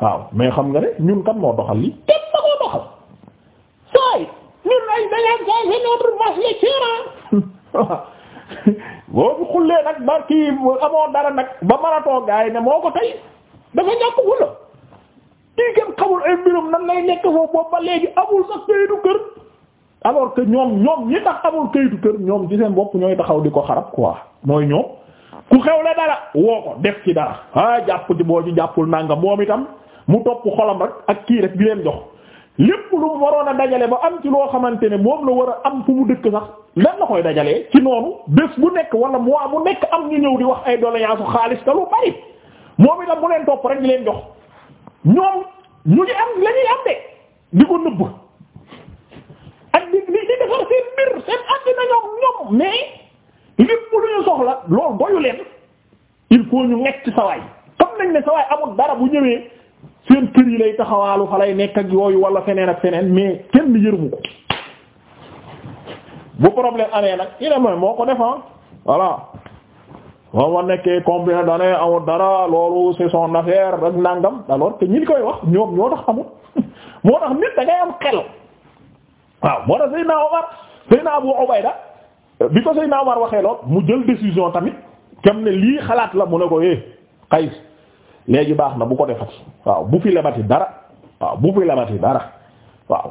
waaw mais xam nga ne ñun kan moo doxal li kenn da doxal saay ñun ay dañaan sa c'est notre vache laitière boobu xullee nag ba kii amoo dara nag ba maraton gaay ne moo ko tey dafa ñàkk wala kii kenn xamul ay mbirum nan lay nekk foofu boobu ba léegi amul sax këyitu kër alors que ñoom ñoom ñi tax amul këyitu kër ñoom ci seen bopp ñooy taxaw di ko xarab quoi mooy ñoom ku la dara woo ko def ci dara ah jàpp ci boo ci jàppul nangam moom itam mu topp xolam rek ak kii rek di leen jox lépp lu mu waroon a dajale ba am ci loo xamante ne moom la war a am fu mu dëkk sax lan la koy dajalee ci noonu bés bu nekk wala mois bu nekk am ñu ñëw di wax ay doléance xaalis te lu bari moom itam mu leen topp rek di leen jox ñoom ñu ngi am la am de di ko nëbb ak di di defar seen mbir seen àddina ñoom ñoom mais lépp lu ñu soxla loolu doyu leen il faut ñu nekk ci sawaay xam nañ ne sawaay amul dara bu ñëwee. seen kër yi lay taxawaalu fa lay nekk ak yooyu wala feneen ak feneen mais kenn yërmu ko bu problème amee nag ina mooy moo ko defan voilà moom ma nekkee comprimé dane amul dara loolu c'est affaire ak nàngam alors que ñi koy wax ñoom ñoo tax amul moo tax nit da ngay am xel waaw moo tax Seydina Omar Seydina Abu Ubayda bi ko Seydina Omar waxee lool mu jël décision tamit kam ne lii xalaat la mu ne ko eh Qays léegi baax na bu ko defati waaw bu fi lebati dara waaw bu fi lebati dara waaw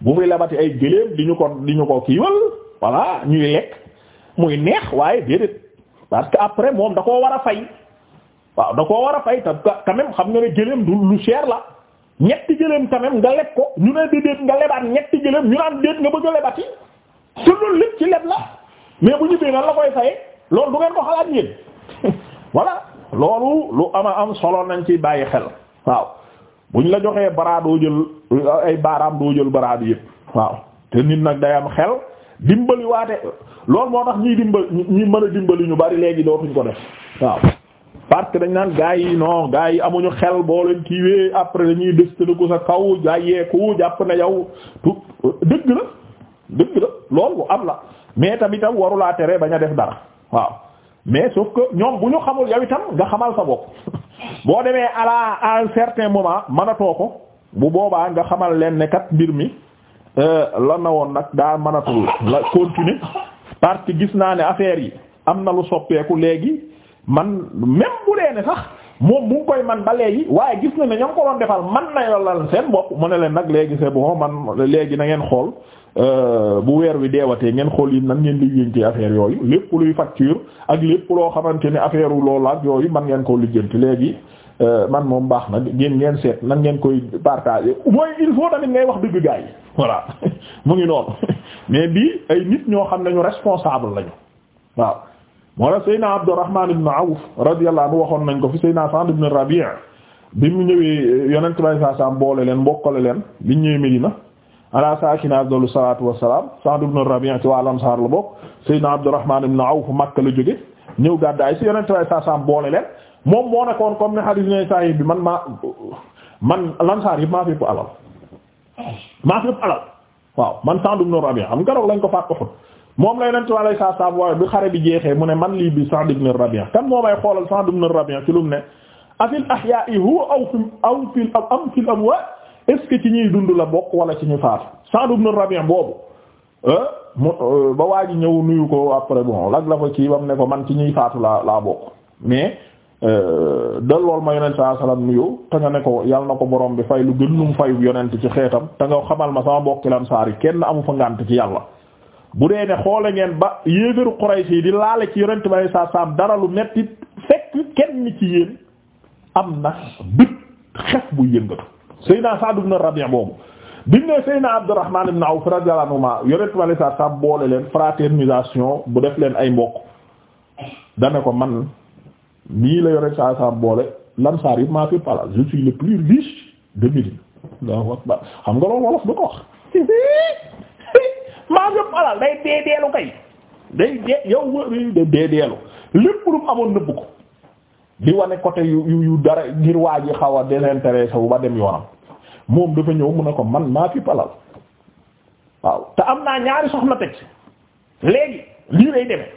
bu fi lebati ay gëléem di ñu ko di ñu ko kii kiiwal voilà ñuy lekk muy neex waaye déedéet parce que après moom da koo war a fay waaw da koo war a fay te quand même xam nga ne gëléem du lu cher la ñetti gëléem quand même nga leb ko ñu ne déedéet nga lebaat ñetti gëléem ñu am déet nga bëgg a lebati te loolu ci leb la mais bu ñu fee nan la koy faye loolu du ngeen ko xalaat yéen voilà. loolu lu ama am solo nañ ci bàyyi xel waaw buñ la joxee baraadoo doo jël euh, ay baaraam doo jël bara bi yëpp waaw te nit nag day am xel dimbali waate loolu moo tax ñuy dimbali ñi mën dimbali ñu bari léegi dootuñ ko def waaw parce que dañ naan gaa yi non gaa yi amuñu xel boo leen kiiwee après dañuy dëstale ko sa kaw jaayeeku jàpp na yow tout dëgg la dëgg la loolu am la mais tamit tam warulaa tere bañ a def dara waaw mais sauf que ñoom bu ñu xamul yow itam nga xamal sa bopp boo demee à la à un certain moment mënatoo ko bu boobaa nga xamal leen ne kat mbir mi euh, la na woon nag daal mënatul la continuer parce que gis naa ne affaire yi am na lu soppeeku léegi man même bu dee ne sax moom mu ngi koy man ba léegi waaye gis na ne ñoo ko doon defal man na la seen bopp mu ne leen nag léegi bu bon man léegi na ngeen xool Euh, bu weer wi deewatee ngeen xool yi nan ngeen lijjanti affaire yooyu lépp luy facture ak lépp loo xamante ni affaire wu loolu ak yooyu man ngeen koo lijjanti léegi euh, man moom baax na ngeen ngeen seet nan ngeen koy partager mooy il faut tamit ngay wax dëgg gaa yi voilà mu ngi noonu mais bii ay nit ñoo xam ne ñu responsable lañu waaw moo la Seydina Abdurrahman ibn Awf radiyallahu anhu waxoon nañ ko fi Seydina Sa'd ibn Rabi' bi mu ñëwee euh, yonent bay saa saa boole leen mbokkale leen bi ñëwee Medina ala saakina afdalu salaatu wassalaam Sa'd ibn Rabi' ci waa Ansaar la bokk Seydina Abdurrahman ibn la jóge ñëw gàddaay si Yonent sallallahu alayhi wa sallam boole leen moom moo man maa man Ansaar yëpp maa fi alal maa fi ëpp alal waaw man Sa'd ibn Rabi' xam nga lañ ko faat Uhud moom la Yonent sallallahu alayhi wa sallam waaye bi xare mu ne man lii bi Sa'd ibn Rabi' kan moo ay xoolal Sa'd ibn Rabi' ci lu mu ne afil ahyaa'i huwa aw fil aw fil am fil est-ce que ci ñuy dund la bokk wala ci ñu faatu Sa'd ibn Rabi' boobu eh, mu euh, ba waa ji ñëw nuyu ko après bon lag la fa ci bam ne ko man ci ñuy faatu laa laa bokk mais euh, dal lool ma yonent saa salaam nuyu te nga ne ko yal na ko borom bi fay lu gën lu mu fay yonent ci xeetam te nga xamal ma sama bokki lan saar yi kenn amu fa ngant ci yàlla bu dee ne xoole ngeen ba yéegaru Quraysh yi di laale ci yonent ba saa saam dara lu metti fekk kenn ci yéen am Seydina Sa'd ibn Rabi' boobu biñ ne Seydina Abdurrahman ibn Awf radiyallahu anhuma yoretu ma sa sa boole leen fraternisation bu def leen ay mbokk dane ko man nii la yoretu saa sa boole lamsaar yi maa fi day dee kay day dee yow day dee lépp lu mu amoon nëbb ko. di wane côté yu yu dara ngir waa ji xaw a désintéressé wu ba dem yoonam moom dafa ñëw mu ne ko man maa fi palal waaw te am naa ñaari soxna teg léegi lii lay demee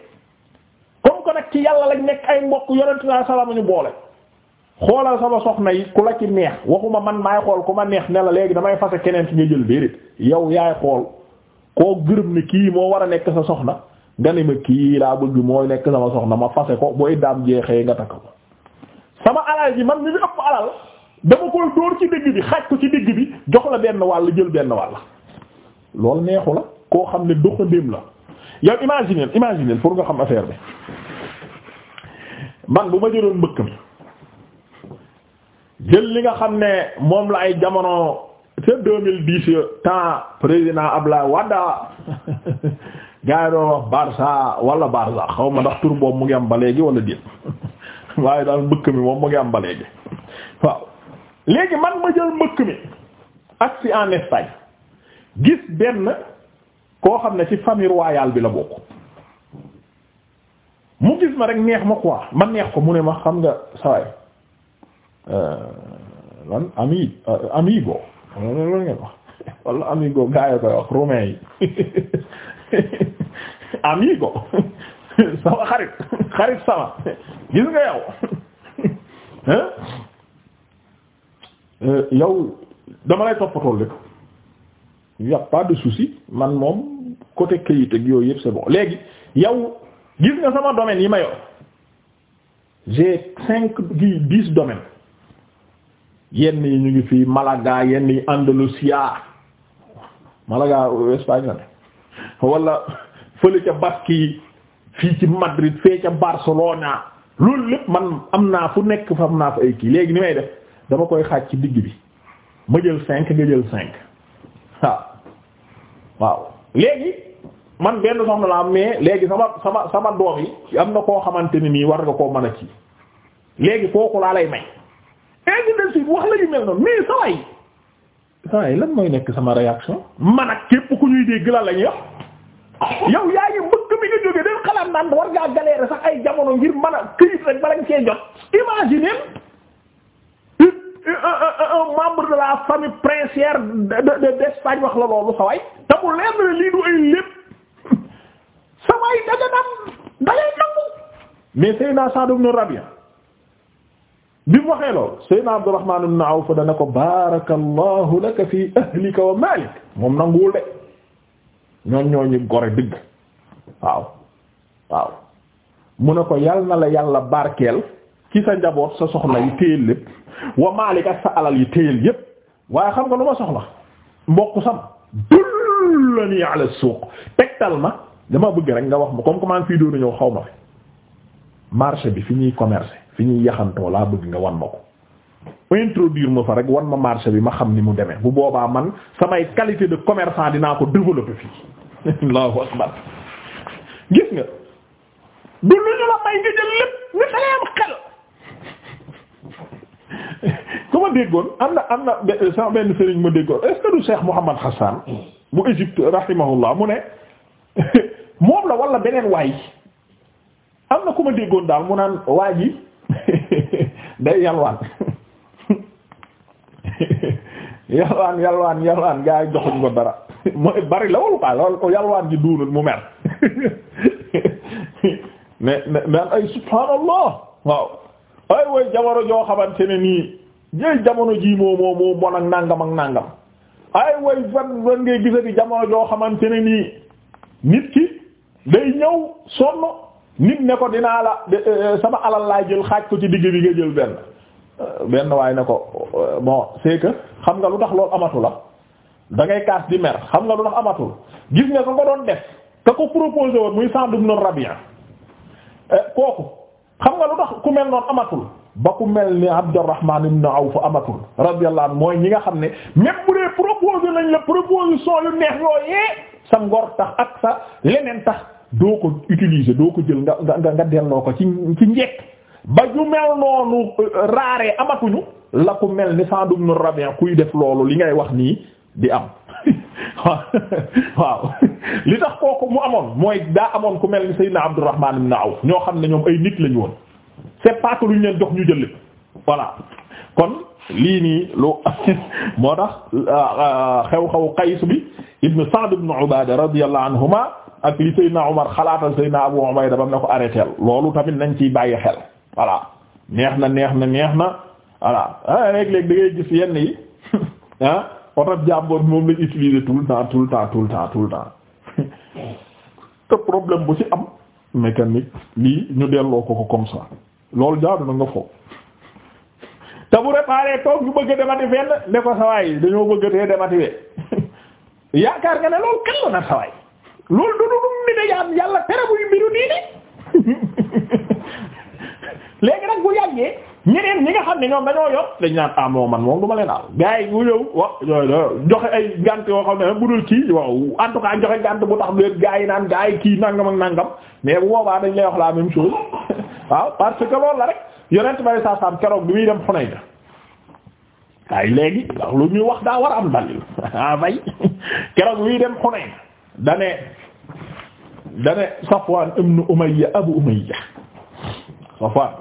comme que nag ci yàlla lañ nekk ay mbokk yonent naa salaama ñu boole xoolal sama soxna yi ku la ci neex waxuma man maay xool ku ma neex nela léegi damay fase keneen ci nga jël déedéet yow yaay xool koo gërëm ni kii moo war a nekk sa soxna nga ne ma kii laa bëgg mooy nekk sama soxna ma fase ko booy daam jeexee nga takk sama alal bi man mi fi ëpp alal dama koy dóor ci digg bi xaaj ko ci digg bi jox la benn wàll jël benn wàll loolu neexu la koo xam ne doxandéem la yow imaginer imaginer pour nga xam affaire bi man bu ma jëloon mbëkk mi jël li nga xam ne moom la ay jamono c'est deux mille dix temps président Abdoulaye Wade gars yi doon wax Barça wala Barça xaw ma ndax tur boobu mu ngi am ba léegi wala waaye daal mbëkk mi moom mu ngi am ba léegi waaw léegi man ma jël mbëkk mi ak si en Espagne gis benn koo xam ne ci famille royale bi la bokk mu gis ma rek neex ma quoi man neex ko mu ne ma xam nga saway euh, lan ami euh, amigo loolu ngeen amigo gaa koy wax romain yi amigo sama xarit xarit sama gis nga yow euh, yow dama lay toppatoo lépp y a pas de souci man moom côté kayit ak yooyu yëpp c'est bon léegi yow gis nga sama domaine yi ma yor cinq dix dix domaines yenn yi ñu ngi fii Malaga yenn yi Andalusia Malaga Espagne la ne wala fële ca Basque fii ci Madrid fee ca Barcelona loolu lépp man am naa fu nekk fa am naa fa ay kii léegi ni may def dama koy xaaj ci digg bi ma jël cinq nga jël cinq waaw waaw léegi man benn soxna am mais léegi sama sama doom yi am na koo xamante ni nii war nga koo mën a kii léegi kooku laa lay may léegi de suite wax la ñu mel noonu mais saway saway lan mooy nekk sama réaction man ak képp ku ñuy dégg la lañu wax yow yaa ngi que nga jógee dañ xalaat naan war ngaa galérer sax ay jamono ngir mën a këyit rek bala nga cee jot imaginez membre de la famille princière de d'Espagne wax la loolu saway te mu leer nangu mais Seydina Sa'd ibn Rabi'a bi mu waxee loolu Seydina Abdurrahman ibn Awf dana ko barakallahu laka fi ahlika wa malik moom nanguwul de ñoom ñoo gore dëgg waaw waaw mu ne ko yal na la yàlla barkeel ci sa njaboot sa soxna yi téyel lépp wa maalik ak sa alal yi téyel yépp waaye xam nga lu ma soxla mbokk sam dullani ala suuq tegtal ma dama bëgg rek nga wax ma comme comment fii doon ñëw xaw ma fi marché bi fi ñuy commercer fi ñuy yaxantoo laa bëgg nga wan ma ko introduire ma fa rek wan ma marché bi ma xam ni mu demee bu boobaa man samay qualité de commerçant dinaa ko développer fii allahu akbar gis nga du lu ñu la may nga jël lépp nga sa am xel ku ma déggoon am na am na sama benn sëriñ ma déggoon est-ce que Hassan bu Égypte rahimahullah mu ne moom la wala beneen waay am na ku ma déggoon daal mu naan waa ji day yalwaan yalwaan yalwaan yalwaan gaa joxuñ ko dara mooy bari la wala quoi ko yalwaan ji duunul mu mer mais mais ay subhaanallah waaw ay way jamono joo xamante ne nii jëy jamono ji moo moo moo ak nàngam ak nàngam ay way fan fan ngay gisa jamono joo xamante ne nii nit ki day ñëw sonn nit ne ko dinaa la eh, eh, sama alal laay jël xaaj ko ci digg bi nga jël benn eh, benn waaye ne ko bon c'est xam nga lu tax loolu amatu la ah? da ngay di mer xam nga lu tax amatul gis nga ko nga doon def te ko proposé woon muy Sa'd ibn Rabi'a eh, kooku xam nga lu tax ku mel noonu amatul ba ku mel ni Abdurrahman ibn Awf amatul radiyallahu anhu mooy ñi nga xam ne même bu dee proposé nañ la proposition yu neex yooyee sa ngor tax ak sa leneen tax doo ko utiliser doo ko jël nga nga nga delloo ko ci ci njekk ba ju mel noonu euh, raaree amatuñu la ku mel ni Sa'd ibn Rabi' kuy def loolu li ngay wax nii di am waaw li tax kooku mu amoon mooy daa amoon ku mel ni Seydina Abdourahman ibn Awf ñoo xam ne ñoom ay nit la ñu woon c'est pas que lu ñu leen jox ñu jël voilà kon lii nii lu moo tax euh, xew-xew Qays bi ibn Sa'd ibn Ubaada radiyallahu anhuma ak li Seydina Umar xalaatal Seydina Abu Ubayda ba mu ne ko arrêté loolu tamit nañ ciy bàyyi xel voilà neex na neex na neex na voilà ah léeg-léeg gis yenn yi ah. otab jàmbur moom lañ utiliser tout temps tout temps tout temps te problème bu ci am mécanique lii ñu delloo ko ko comme ça loolu jaadu na nga foofu te bu réparé toog ñu bëgg demati fenn ne ko sawaay yi dañoo bëgg tee demati we yaakaar nga ne loolu kenn na sawaay loolu du du du nit a yàlla tere buy mbiru nii nii léegi nag bu yàggee ñeneen ñi nga xam ne ñoom dañoo yor dañ naan amoo ah, man moom du ma leen aal gars yi ñu ñëw wa joxe ay gànt yoo xam ne bu dul kii waaw en tout cas joxe gànt bu tax léegi gars yi kii nangam ak nangam mais bu boobaa dañ lay wax la même chose waaw parce que loolu la rek yonent bari saa saam keroog bi muy dem xunay na waaye léegi ndax lu ñuy wax daa war a am dalil ah bay keroog bi muy dem xunay na dane dane Safwan ibn Umayya Abu Umayya Safwan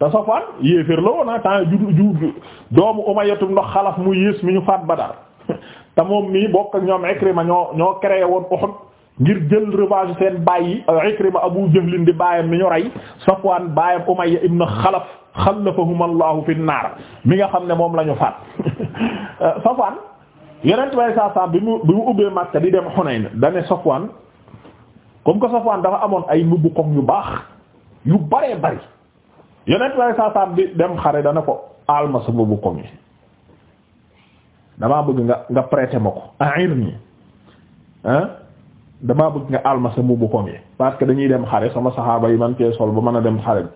te Safwaan yéeféer la woon a ah, temps ju ju doomu Umayyatum ndox xalaf mu yées mi ñu faat Badar te moom mii bokk ak ñoom Ikrima ñoo ñoo créé woon Uhud ngir jël revanche seen bàyyi euh, Ikrima Abu Jahlin di baayam mi ñu rey Safwaan baayam Umayya ibn Xalaf xalafahum Allahu fi naar mi nga xam ne moom lañu ñu faat euh, Safwaan yeneen bay saa saa bi mu bi mu ubbee Makka di dem Hunayn dane Safwaan comme que Safwaan dafa amoon ay mbubb koŋ yu baax yu baree bari yonent lay saasaam bi dem xare dana ko aal ma sama bukko mi damaa bëgg nga nga prêter ma ko ahir nii ah damaa bëgg nga aal ma sama ko mi parce que dañuy dem xare sama saxaaba yi man kee sol ba mën a dem xare bi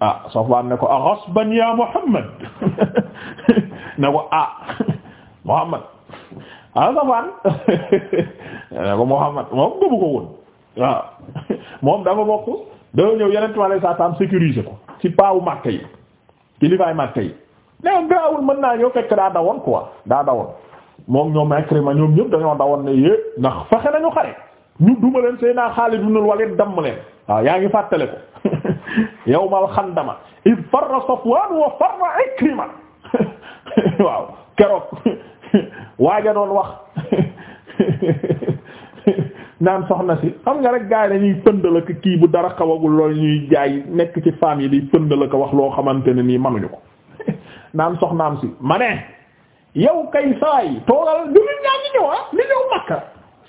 ah Safwaan ne ko a ghasban ne ko ah Muhammad ah Safwaan ne ko Muhammad moom gëmu ko woon waaw ah, moom dafa bokk dafa ñëw yeneen tubaab yi saa tam ko ci paawu màkk yi kilifaay màkk yi neew gaawul mën naa ñëw fekk daa dawoon quoi daa dawoon moom ñoom Ikrima ñoom ñëpp dañoo dawoon ne yé ndax fexe nañu xare ñu duma leen Seydina Xaalid ibn Walid damm leen waaw yaa ngi fàttale ko yawmal xandama id farra Safwaan wa farra Ikrima waaw keroog waaja doon wax naan soxna si xam nga rek gars yi dañuy pëndal kii bu dara xawagul loolu ñuy jaay nekk ci femme yi di pëndal ak wax loo xamante ne nii manuñu ko naan soxnaam si ma ne yow kay sawaay toogal du ñu ñaan ñi ñëw ah li ñëw makka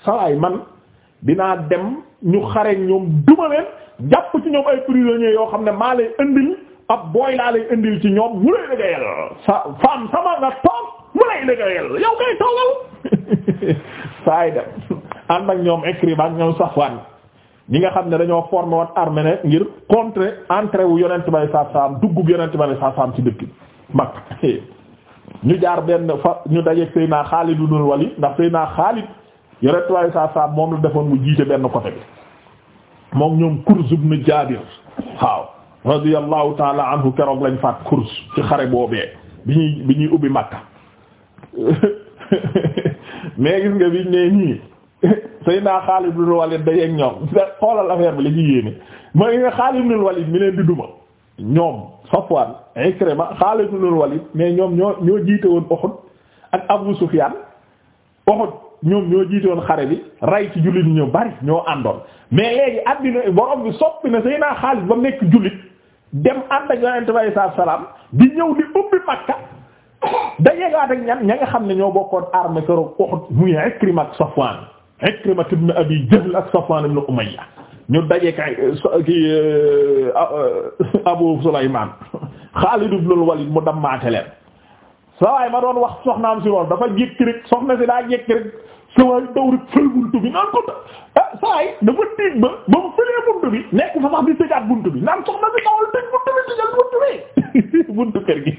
sawaay man dinaa dem ñu xare ñoom duma leen jàpp ci ñoom ay prisonniers yoo xam ne maa lay indil ab booy laa lay indil ci ñoom mu lay liggéeyal sa femme sama nga toog mu lay liggéeyal yow kay toogal saay dem ànd ak ñoom Ikrima ak ñoom Safwan ñi nga xam ne dañoo formé woon armée ne ngir contrer entrée wu yonent bay saab saam duggub yonent bay saab saam ci dëkk bi mag ñu jaar benn fa ñu dajeeg Seydina Xaalid ibn Walid ndax Seydina Xaalid yonent bay saab saam moom la defoon mu jiite benn côté bi moom ñoom Kurz ibn Jaabir waaw radiyallahu ta'ala anhu keroog lañ faat Kurz ci xare boobee bi ñuy bi ñuy ubbi Makka mais gis nga biñ ne nii Seydina Xaalid ibn Walid dajeeg ñoom xoolal affaire bi la ci yéene mooy nga Xaalid ibn Walid mi mais ñoom ñoo ñoo jiite woon Uhud ak Abu Sufyaan Uhud ñoom ñoo jiite woon xare bi ray ci jullit ñu bari ñoo àndoon mais léegi àddina borom bi soppi na Seydina Xaalid ba nekk jullit dem ànd ak Yonent bi saa salaam di ñëw di ubbi Makka dajeegaat ak ñan ña nga xam ne ñoo bokkoon armée keroog Uhud muy Ikrima ak Safwaan Ikrimah ibn Abi Jahl ak Safwan ibn Umayya ñu daje kay kii euh, Abu Sulaymaan Xaalid ibn al-Walid mu dammaate leen sawaay ma doon wax soxnaam si lool dafa jékki rek soxna si daa jékki rek sawaay daw rek fël buntu bi naan ko ah sawaay dafa tiig ba ba mu fëlee buntu bi nekk fa sax di tëjaat buntu bi naan soxna si dawal tëj buntu bi tëjal buntu bi buntu kër gi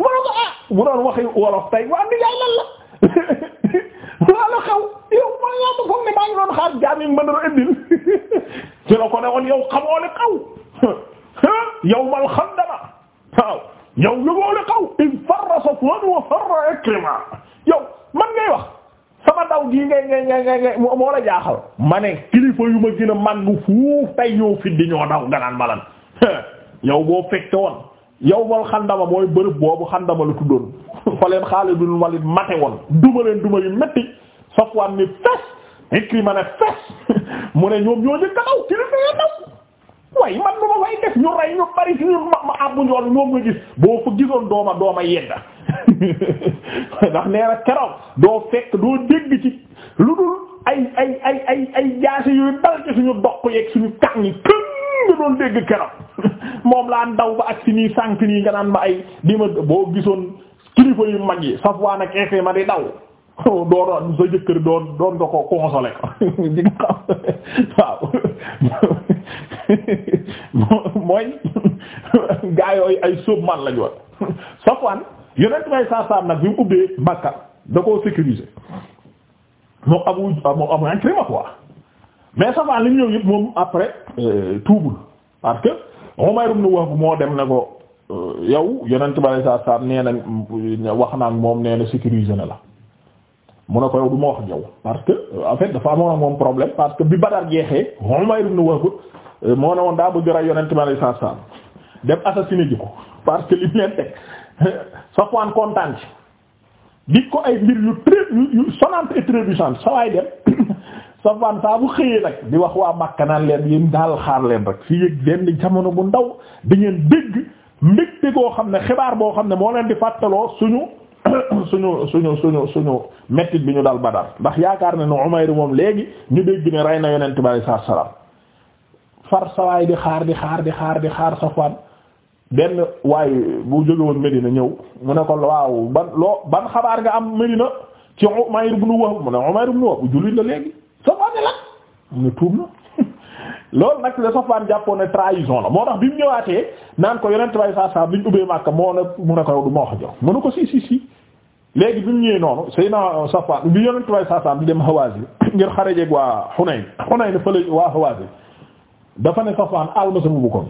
mu ne ko ah bu doon waxi wolof tey waa ni yaay lan la loolu xaw yow man laa ma foog ne maa ngi doon xaar jaam yi mën na indil ci la ko ne woon yow xamoo li xaw yow man ngay wax sama daw gii ngay ngay ngay ngay moo la jaaxal ma ne kilifa yu ma gën a màgg fuuf tey ñoo fi ñoo daw ganaan malan yow boo fekk woon yawmal xandama mooy bërëb boobu xandama la tuddoon fa leen Xaalidul Walid mate woon duma leen duma yu metti Safwaan ni fes Ikrima ne fes mu ne ñoom ñoo jëkk daw ci leen dooma dooma yedda ndax nee na keroog doo fekk doo dégg ci lu dul ay ay ay ay ay yooyu dal suñu doq yeeg suñu kan yi kën doon dégg keroog moom laa ndaw ba ak si nii sànq nii nga naan ma ay di ma boo gisoon kilifa yu mag yi Safwaan ak Ikrima di daw doon sa jëkkër doon doon nga ko consolé di nga waaw mooy gaa ay sóob man la ñu war Safwaan yeneen may saasaam nag bi ubbee Makka da koo sécuriser moom abu moom abu Ikrima quoi mais Safwaan li mu ñëw yëpp moom après euh, tuubul parce que. Umayr ibn Wahb moo dem ne ko euh, yow yonent bi sallallahu alayhi wa sallam na wax naa moom nee na sécuriser na la mu ne ko yow du ma wax yow parce que en dafa amoon moom problème parce que bi Badar jeexee Umayr ibn Wahb euh, moo ne woon daa bëgg rey yonent bi sallallahu alayhi wa dem assassiner ji ko parce que li mu leen teg Safwaan kontaan ci di ko ay mbir yu très yu sonnante et trébuchante sa dem. Safwaan saa bu xëyee nag di wax waa Makka naan leen yéen daal xaar leen rek fii yëg benn jamono bu ndaw di ngeen dégg mbégte xam ne xibaar boo xam ne moo leen di fàttaloo suñu suñu suñu suñu suñu mettit bi ñu dal Badar ndax yaakaar na ne Umayr moom léegi ñu dégg ne rey na yonent bi sallallahu alayhi wasallam far sawaay di xaar di xaar di xaar di xaar Safwaan benn waaye bu jóge woon Medina ñëw mu ne ko waaw ban loo ban xabaar nga am Medina ci Umayr ibn Wahb mu ne Safwaan ne la mu ne tuub na loolu nag la Safwaan jàppoon ne la moo tax bi mu ñëwaatee ko yonent bay saa saa bi ñu ubbee Makka ko du ma wax ko si si si léegi noonu Seydina Safwaan bi yonent bay saa saa bi dem Hawaazin ngir xarejeeg waa Hunayn Hunayn fële waa dafa ne Safwaan aal ma sama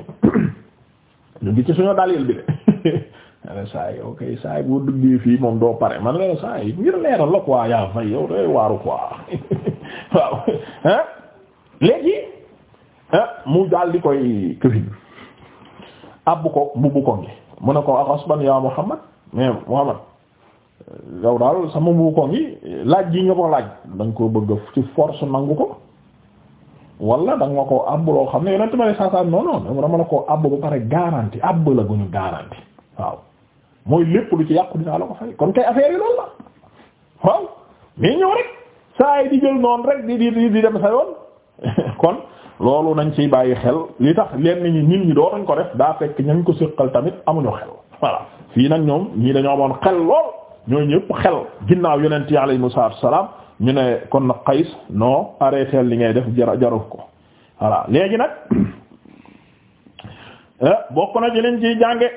ci suñu dalil bi de man saa yi ok saa yi boo duggee fii moom doo pare man la saa yi ngir leeral la quoi yaa fay yow day waaru quoi. waaw ah léegi mu daal koy këfin abbu ko mbubb ko ngi mu ne ko ak asban yaa Muhammad mais Muhammad yow daal sama mbubb ko ngi laaj gi ñu ko laaj da nga ko bëgg ci force nangu ko wala da ko ma àbb loo xam ne yonent ma ne saasaan non non dama la koo àbb ba pare garanti àbb la gu ñu garanti waaw mooy lépp lu ci yàqu dinaa la ko fay kon kay affaire yi la waaw mais ñëw rek saa yi di jël noonu rek di di di dem sa yoon kon loolu nañ ciy bàyyi xel li tax leen ñi nit ñi doo nañ ko def daa fekk ñañ ko siqal tamit amuñu xel voilà fii nag ñoom ñii dañoo amoon xel lool ñooy ñëpp xel ginnaaw yonent yi alayhimu salaam ñu ne kon na Qays non arrêté li ngay def jar jarul ko voilà léegi nag eh, bokk na ci leen ciy jànge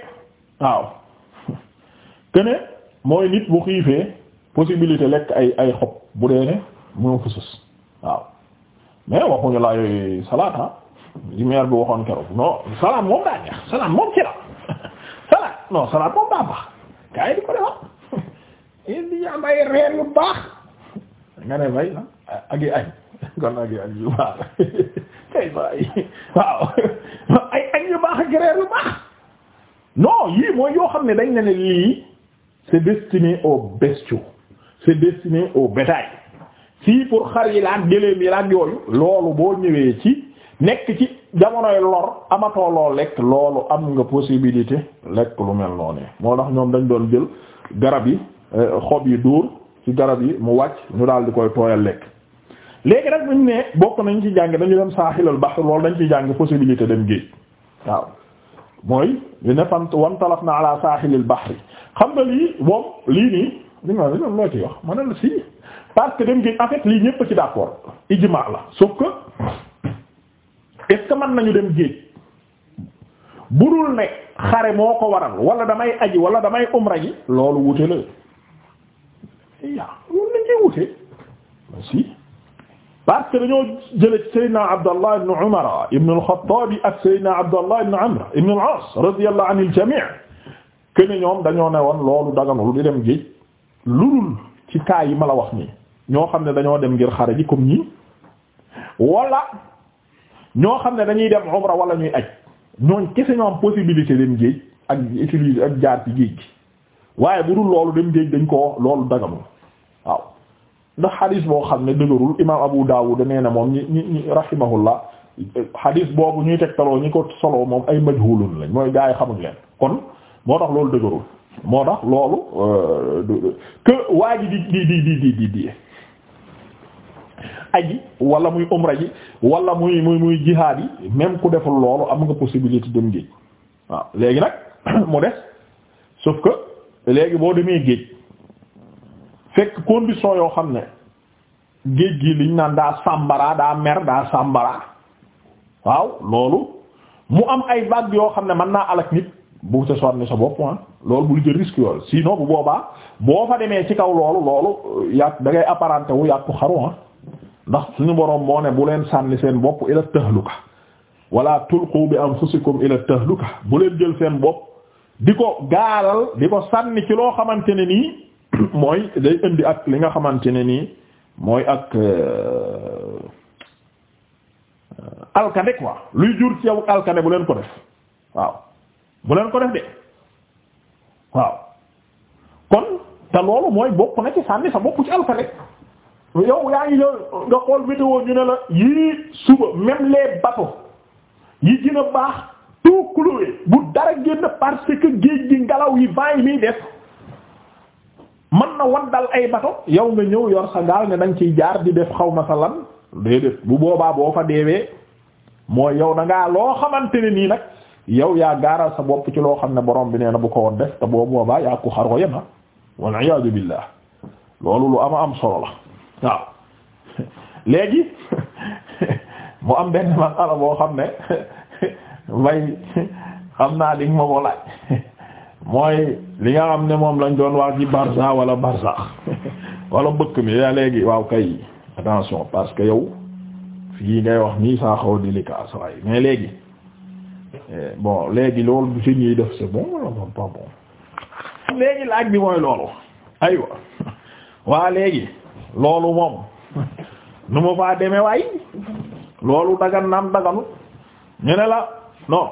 waaw kene mooy nit bu xiifee possibilité lekk ay ay xob bu dee ne moo fa sës waaw mais waxuñu laa salaat ah li maire bi waxoon keroog non salaat moom daa neex salaat moom ci la salaat non salaat moom baax ah. baax nga ne bay lan ah, ak i añ kon ak i añ yu baax kay bay waaw ay añ yu baax ak reer yu baax non yii mooy yoo xam ne dañ ne ne lii c'est destiné aux bestiaux c'est destiné au bétail fii pour xar yi laak géléem yi laak yooyu loolu boo ñëwee ci nekk ci jamonoy lor amatoo loo lekk loolu am nga possibilité lekk lu mel noonu moo tax ñoom dañ doon jël garab yi euh, xob yi dóor ci garab yi mu wàcc ñu daal di koy tooyal lekk léegi nag buñ ne bokk nañ ci jàng dañu dem saaxilal bahr loolu dañ ci jàng possibilité dem géej waaw mooy li ne fan wan talaf na ala saaxilil bahri xam nga lii moom lii nii li nga loo ci wax ma ne la si parce que dem gi en fait lii ñëpp ci d'accord ijma la sauf que est que mën nañu dem géej budul ne xare moo ko waral wala damay aji wala damay umra ji loolu wute la yaa loolu lañ koy wute si parce que dañoo jële Seydina Abdallah ibn Umar ibn al-Khattab ak Seydina Abdallah ibn Amr ibn al-As radiyallahu anil jami' que ñoom dañoo ne woon loolu daganul di dem géej ludul ci kaa yi ma la wax nii ñoo xam ne dañoo dem ngir xare ji comme ñii wala ñoo xam ne dañuy dem umra walla ñuy aj ñooñ kese ñoo am possibilité dem géej ak utiliser ak jaar ci géej gi waaye bu dul loolu dem géej dañ ko loolu dagamul waaw ndax xadis boo xam ne dëgërul imaam Abu Dawud nee na moom ñi ñi ñi rahimahullah xadis boobu ñuy tegtaloo ñi ko soloo moom ay majhulun lañ mooy gaa yi xamuñ leen kon moo tax loolu dëgërul moo tax loolu que waa ji di di di di di di aji wala muy umra ji walla muy muy muy jihaad yi même ku deful loolu am nga possibilité dem géej waaw léegi nag mu des sauf que léegi boo demee géej fekk condition yoo xam ne géej gi liñ naan daa sàmbara daa mer daa sàmbara waaw loolu mu am ay vagues yoo xam ne mën naa alak nit sa te soir ne sa bopp ah loolu bul jël risque yooyu sinon bu boobaa boo fa demee ci kaw loolu loolu yàq dangay ngay apparenté wu yàqu xaru ah ndax suñu boroom moo ne bu leen sànni seen bopp ila tahluka wala tulqu bi anfusikum ila tahluka bu leen jël seen bopp di ko gaaral di ko sànni ci loo xamante ne nii mooy day indi ak li nga xamante ne nii mooy ak euh, euh, alkane luy jur ci yow alkane bu leen ko def waaw bu leen ko def de waaw kon te loolu mooy bokk na ci sànni sa bopp ci alkane yow yaa ngi ñëw nga xool météo ñu ne la yii suba même les bateaux yi dina baax tout cloué bu dara génn parce que géej gi ngelaw yi vent yi muy def mën na waddal ay bateaux yow nga ñëw yor sa gaal ne dañ ciy jaar di def xaw ma sa lan bu boobaa boo fa deewee mooy yow da ngaa loo xamante ne nii nag yow yaa gaaral sa bopp ci loo xam ne borom bi nee na bu ko woon def te boo boobaa yaa ko xaroo yem ah wal iyaadu loolu lu ama am solo la. waaw léegi mu am benn masala boo xam ne way xam naa di ma ko laaj mooy li nga xam ne moom lañ doon wax ci barza wala barzax wala mbëkk mi yaa léegi waaw kay attention parce que yow fii ngay wax nii saa xaw di li kaas waaye mais léegi eh, bon léegi loolu bu si ñuy def c'est bon wala moom pas bon léegi laaj bi mooy loolu aywa waa léegi loolu moom nu ma faa demee waay loolu dagan naam daganut ñu ne la non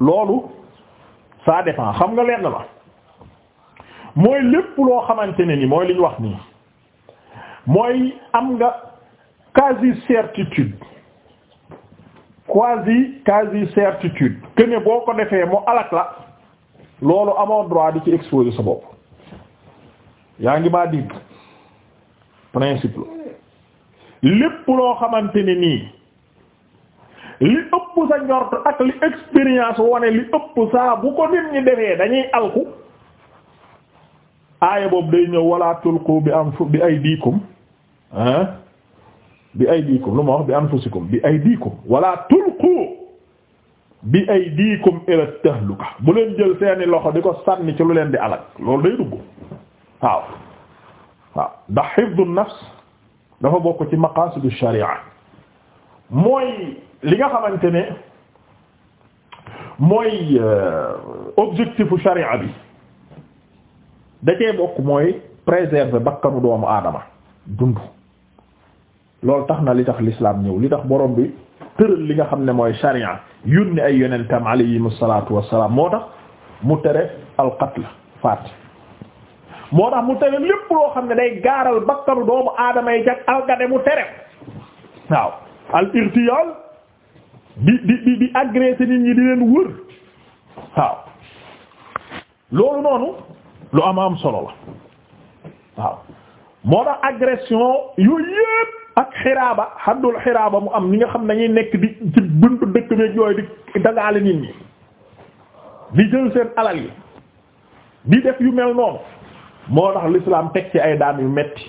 loolu ça dépend xam nga lenn la mooy lépp loo xamante ne ni mooy li ñu wax nii mooy am nga quasi certitude quasi quasi certitude que boo ko defee mu alak la loolu amoon droit di ci exposer sa bopp yaa ngi maa digg principe lépp loo xamante ne nii li ëpp sa njort ak li expérience wane li ëpp saa bu ko nit ñi defee dañuy alku aaya boobu day ñëw wala tulqu bi am bi ay diikum ah bi ay diikum lu ma wax bi anfusikum bi ay diikum wala tulqu bi ay diikum ila tahluka bu leen jël seeni loxo di ko sànni ci lu leen di alak loolu day dugg waaw waaw ndax hifdu nafs dafa bokk ci maqaasidu sharia mooy li nga xamante ne mooy euh, objectifu sharia bi da bokk mooy préserver bakkanu doomu aadama dund loolu tax na li tax lislaam ñëw li tax borom bi tëral li nga xam ne mooy sharia yónni ay yonentam alayhimu salaatu wassalaam moo tax mu tere al qatl faat moo tax mu tere lépp loo xam ne day gaaral bakkanu doomu aadama yi jag algade mu tere waaw al irtiyal di di di di agresser nit ñi di leen wër waaw loolu noonu lu am am solo la waaw moo tax agression yooyu yépp ak xiraaba xaddul xiraaba mu am ñi nga xam ne dañuy nekk di ci dëkk beeg yooyu di dagaale nit ñi di jël seen alal yi di def yu mel noonu moo tax l'islam teg ci ay daan yu metti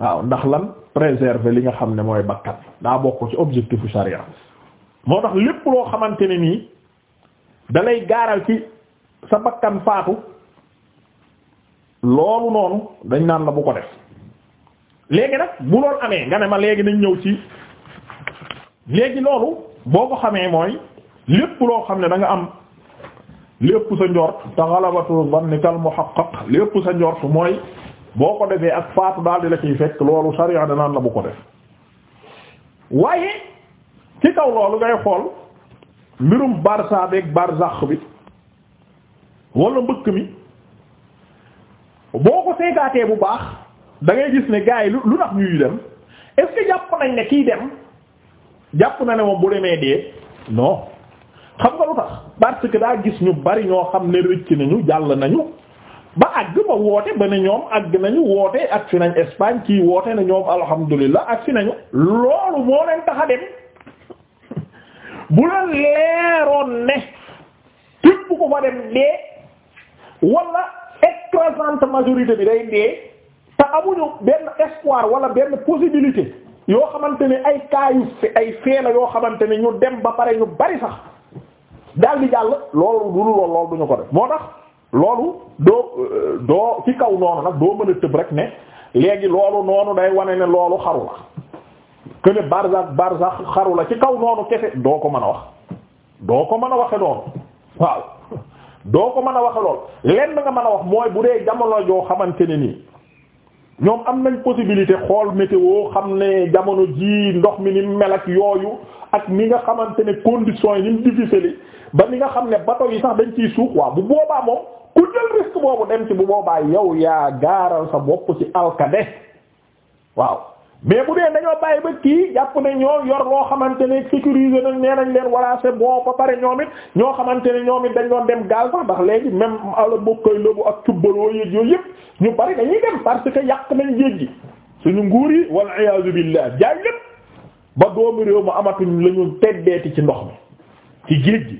waaw ndax lan préservé li nga xam ne mooy bakkan daa bokk ci objectifu charia moo tax lépp loo xamante ne nii dalay gaaral ci sa bakkan faatu loolu noonu dañ naan la bu ko def léegi nag bu loolu amee nga ne ma léegi nañ ñëw ci léegi loolu boo ko xamee mooy lépp loo xam ne danga am lépp sa njort te xalabatu zanni muhaqqaq lépp sa njort mooy boo ko defee ak faatu daal di la ciy fekk loolu sariya danaan la bu ko def waaye ci kaw loolu ngay xool mbirum barsa beek barzax bi wala mbëkk mi boo ko seetaatee bu baax dangay gis ne gars yi lu tax ñuy dem est jàpp nañ ne kiy dem jàpp na ne moom bu demee dee non xam nga lu tax parce que daa gis ñu bari ñoo xam ne rëcc nañu jàll nañu ba àgg ba woote ba ne ñoom àgg nañu woote ak fi nañ Espagne kii woote na ñoom alhamdulilah ak fi nañu loolu moo leen tax a dem bu la leeroon ne képp ko fa dem dee wala écrasante majorité bi day dee te amuñu benn espoir wala benn possibilité yoo xamante ne ay cas yu ay fee yoo xamante ne ñu dem ba pare ñu bari sax. daal di jàll loolu du loolu loolu du ñu ko def moo tax loolu doo euh, doo ci kaw noonu nag doo mën a tëb rek ne léegi loolu noonu day wane ne loolu xaru la que ne barzax barzax xaru la ci kaw noonu kese doo ko mën a wax doo ko mën a waxe noonu waaw doo ko mën a waxe lool lenn nga mën a wax mooy bu dee jamono joo xamante ne nii ñoom am nañ possibilité xool météo xam ne jamono jii ndox mi ni mel ak yooyu ak ni nga xamante ne conditions yi ni mu difficile ba ni nga xam ne bato yi sax dañ ciy suux waaw bu boobaa moom ku jël risque boobu dem ci bu boobaa yow yaa gaaral sa bopp ci alkade waaw mais bu dee dañoo bàyyi ba kii jàpp ne ñoo yor loo xamante ne sécurisé nañ nee nañ leen wala c'est bon ba pare ñoom it ñoo xamante ne ñoom it dañ doon dem gaal sax ndax léegi même ala mbokkoy lëbu ak cubbaloo yëg yooyu yëpp ñu bari dañuy dem parce que yàq nañ géej gi suñu nguur yi wal iyaazu billah jaay lépp ba doomu réew mu amatuñ la ñu teddeeti ci ndox mi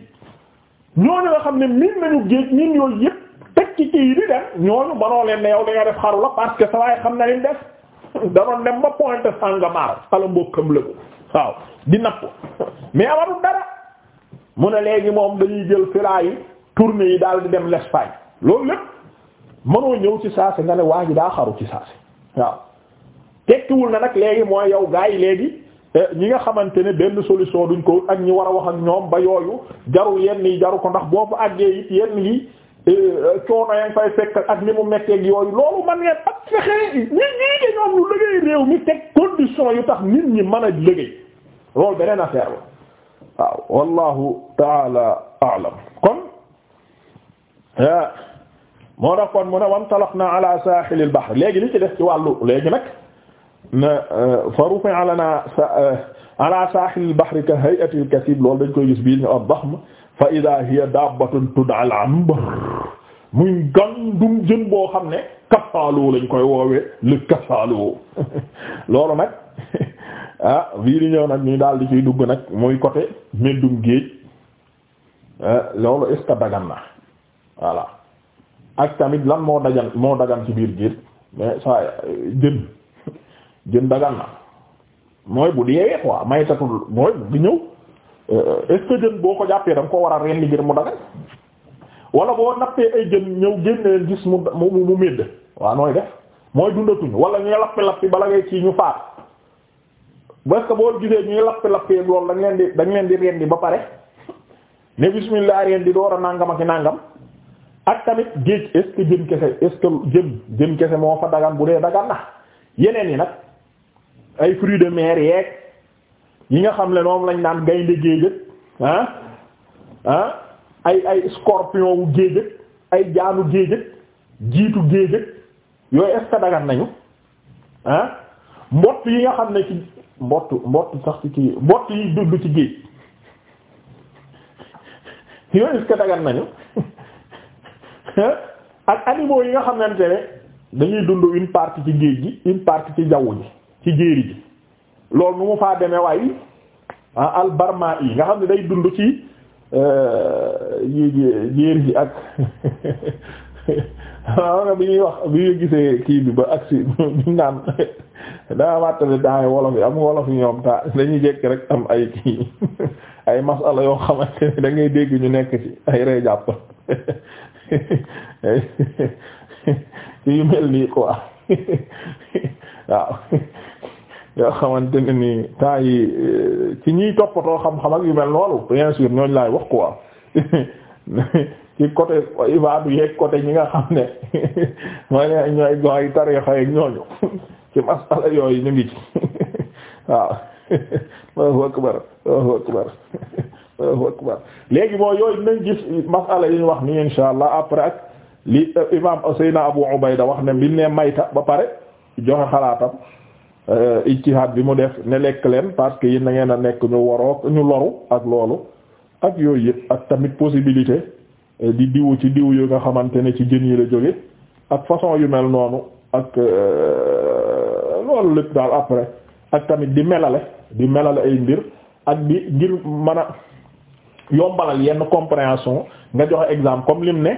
ñooñu nga xam ne miin nañu géej miin yooyu yëpp teg ci kii di dem ñooñu mënoo leen ne yow da def xaru la parce que sa waay xam na liñ def danoon dem ba pointe Sangomar ala mbokkam la ko waaw di napp mais amatul dara mu ne léegi moom dañuy jël filaa yi tournée yi daal di dem l'Espagne loolu lépp mënoo ñëw ci saasi nga ne waa ji daa xaru ci saasi waaw tekkiwul na nag léegi mooy yow gaa yi léegi. Eh, ñi nga xamante ne benn solution duñ ko ak ñi war a wax ak ñoom ba yooyu jarul yenn yi jaru ko ndax boo fa àggee it yenn yi eh, coono yaa fay fekk ak ni mu metteeg yooyu loolu man ngeen ak fexe nit ñi de ñoom ñu liggéey réew mi teg condition yu tax nit ñi mën a liggéey loolu beneen affaire la waaw wallahu taala aalam kon eh, moo tax kon mu ne wam talaq na ala saaxilil bahr léegi li ci def ci wàllu léegi nag na euh, fa rufi'a lana euh, ala sahil al-bahri ka hay'ati kasib loolu dañ koy gis bii ñu ad-dahm fa idha hiya dabbatun tud'a al-anbar muy gandum jën boo xam ne kafaaloo lañ koy woowee le kafaaloo loolu nag ah bii di ñëw nag ñu daal di ciy dugg nag muy côté meddum géej euh, loolu est-ce que dagan na voilà ak lan moo dagan moo dagan ci biir géej mais jën jën dagan mooy bu deewee quoi maytatul mooy bu ñëw euh, est ce que jën boo ko jàppee da nga koo war a reen li mu dagan wala boo nappee ay jën ñëw génneen gis mu mu mu médd waaw nooy def mooy dundatuñ wala ñuy lappi lappi bala ngay ci ñu faat parce que boo gisee ñuy lappi lappi loolu dañ leen di dañ leen di rendi ba pare ne bismillah rendi door a nàngam ak nàngam ak tamit géej est ce que jën kese est jën jën kese moo fa dagan bu dee dagan na yeneen yi nag ay fruits de mer yeeg yi nga xam ne moom lañ naan gaynde géejët ah ah ay ay scorpion wu géejët ay jaanu géejët jiitu géejët yooyu est dagan nañu ah mbott yi nga xam ne ci mbott mbott sax ci kii mbott yi dugg ci géej yooyu est dagan nañu ah, ak animaux yi nga xamante ne dañuy dund une partie ci géej gi une partie ci jaww ji ci jéeri ji loolu nu mu faa demee waaye ah, albarma yi nga xam ne day dund ci euh, jéeri ji ak waaw bi ñuy wax bi ñuy gisee kii bi ba agsi bi naan daa wàttale daay wolof yi am wolof yi ñoom taa dañuy jekk rek am ay kii ay masala yoo xamante ne da dégg ñu nekk ci ay rey jàpp yu mel nii quoi waaw yoo xamante ne ni temps yi euh, ci ñuy toppatoo xam-xam ak yu mel loolu bien sûr ñooñu laay wax quoi ci côté ibaadu yeeg côté ñi nga xam ne mooy ne ñooy ñooy tarixa yeeg ñooñu ci masala yooyu ñu ngi ci waaw Allahu akbar Allahu akbar Allahu akbar léegi moo yooyu nañ gis masala yi ñu wax nii insha allah après ak li euh, imam Seyna Abu Ubayda wax ne bi mayta ba pare joxe xalaatam ci euh, ijtihaad bi mu def ne lekk leen parce que yi na ngeen a nekk ñu waroo ñu loru ak loolu ak yooyu yëpp ak tamit possibilité euh, di diwu ci diw yu nga xamante ne ci jën yi la jóge ak façon yu mel noonu ak euh, loolu lépp daal après ak tamit di melale di melale ay mbir ak bi ngir mën a yombalal yenn compréhension nga joxe exemple comme lim ne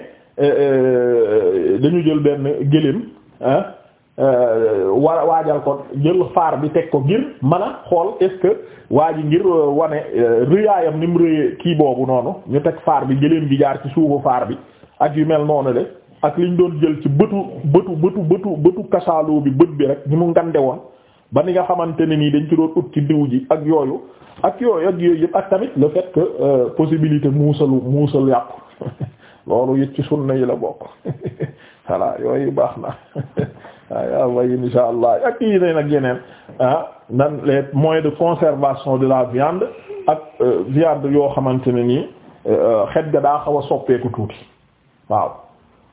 dañu jël benn gëléem ah Euh, war waajal ko jël faar bi teg ko ngir man a xool est-ce que waa ji ngir euh, wane euh, rëyaayam ni mu rëyee kii boobu noonu ñu teg faar bi jëleen gi jaar ci suufu faar bi ak yu mel noonu le ak liñ doon jël ci bëtu bëtu bëtu bëtu bëtu kasaaloo bi bët bi rek ñu mu ngande woon ba ni nga xamante ne nii dañ ci doon ut ci diw ji ak yooyu ak yooyu ak yooyu yëpp ak tamit le fait que possibilité muusalu muusal yàpp loolu yëpp ci sunna yi la bokk voilà yooyu baax na waaw waaye insha allah ak yeneen ak yeneen ah nan les moyens de conservation de la viande ak euh, viande yoo xamante ne nii euh, xet ga daa xaw soppeeku tuuti waaw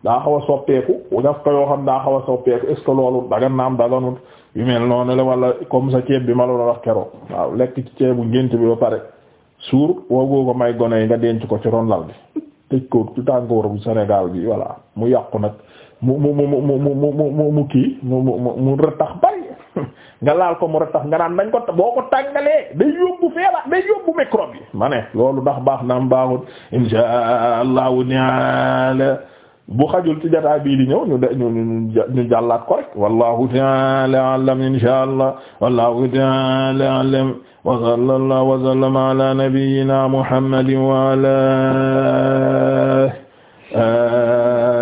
daa xaw a soppeeku daf ko yoo xam daa xaw a soppeeku est ce que loolu daga naam daganut yu mel noonu la wala comme sa ceeb bi ma la wax keroog waaw lekk ci ceebu ngént bi ba pare suur woogoo ko may gone yi nga denc ko ci ron lal bi tëj ko ci tàngooru Sénégal bi voilà mu yàqu nag. mu mu mu mu mu mu mu kii mu mu mu rëttax bari nga laal ko mu rëttax nga naan nañ ko boo ko tàngalee day yóbbu feela day yóbbu microbe yi ma ne loolu ndax baax na am baaxut insha allahu taala bu xajul ci jataa bii di ñëw ñu de ñu ñu jàllaat ko rek wallahu taala alam insha allah wallahu taala alam wa sallallahu wa sallama ala nabiyyina muhammadin wa ala